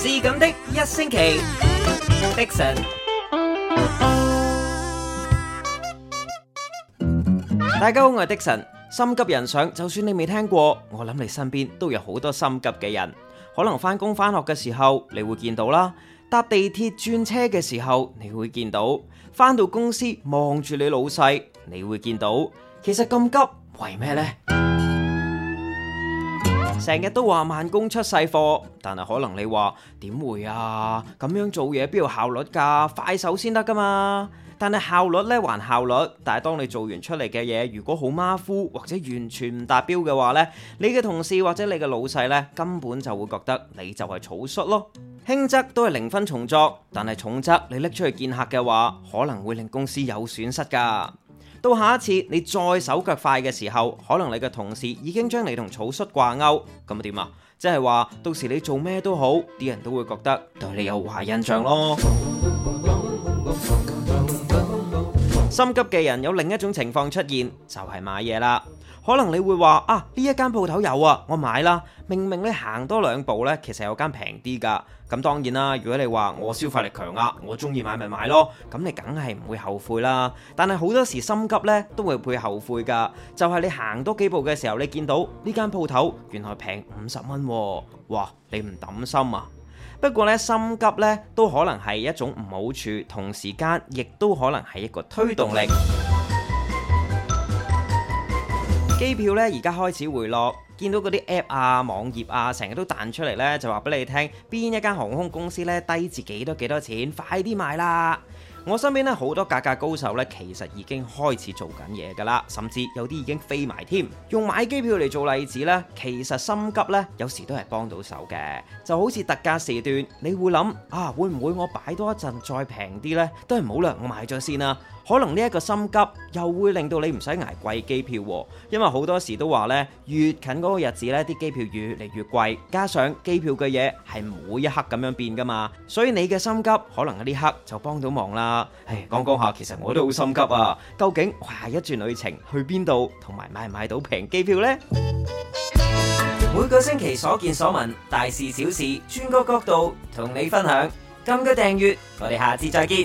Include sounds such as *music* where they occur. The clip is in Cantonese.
是咁的一星期，迪神。大家好，我係迪神。心急人上，就算你未聽過，我諗你身邊都有好多心急嘅人。可能翻工翻學嘅時候你會見到啦，搭地鐵轉車嘅時候你會見到，翻到公司望住你老細你會見到。其實咁急為咩呢？成日都話慢工出細貨，但係可能你話，點會啊？咁樣做嘢邊有效率噶？快手先得噶嘛？但係效率呢還效率，但係當你做完出嚟嘅嘢如果好馬虎或者完全唔達標嘅話呢，你嘅同事或者你嘅老細呢，根本就會覺得你就係草率咯。輕則都係零分重作，但係重則你拎出去見客嘅話，可能會令公司有損失噶。到下一次你再手腳快嘅時候，可能你嘅同事已經將你同草率掛鈎，咁點啊？即係話到時你做咩都好，啲人都會覺得對你有壞印象咯。 *music* 心急嘅人有另一種情況出現，就係買嘢啦。可能你會話啊，呢一間鋪頭有啊，我買啦。明明你行多兩步呢，其實有間平啲噶。咁當然啦，如果你話我消費力強啊，我中意買咪買咯，咁你梗係唔會後悔啦。但係好多時心急呢，都會會後悔噶。就係你行多幾步嘅時候，你見到呢間鋪頭原來平五十蚊。哇！你唔抌心啊？不過呢，心急呢，都可能係一種唔好處，同時間亦都可能係一個推動力。機票咧，而家開始回落，見到嗰啲 app 啊、網頁啊，成日都彈出嚟咧，就話俾你聽邊一間航空公司咧低至幾多幾多錢，快啲買啦！我身邊咧好多價格、格高手咧，其實已經開始做緊嘢噶啦，甚至有啲已經飛埋添。用買機票嚟做例子咧，其實心急呢，有時都係幫到手嘅。就好似特價時段，你會諗啊，會唔會我擺多一陣再平啲呢？都係唔好啦，我買咗先啦，啊。可能呢一個心急又會令到你唔使捱貴機票，啊，因為好多時都話呢，越近嗰個日子呢，啲機票越嚟越貴。加上機票嘅嘢係每一刻咁樣變噶嘛，所以你嘅心急可能喺呢刻就幫到忙啦。唉，講講下，其實我都好心急啊！究竟下一段旅程去邊度，同埋買唔買到平機票呢？每個星期所見所聞，大事小事，專個角、角度同你分享。撳個訂閱，我哋下次再見。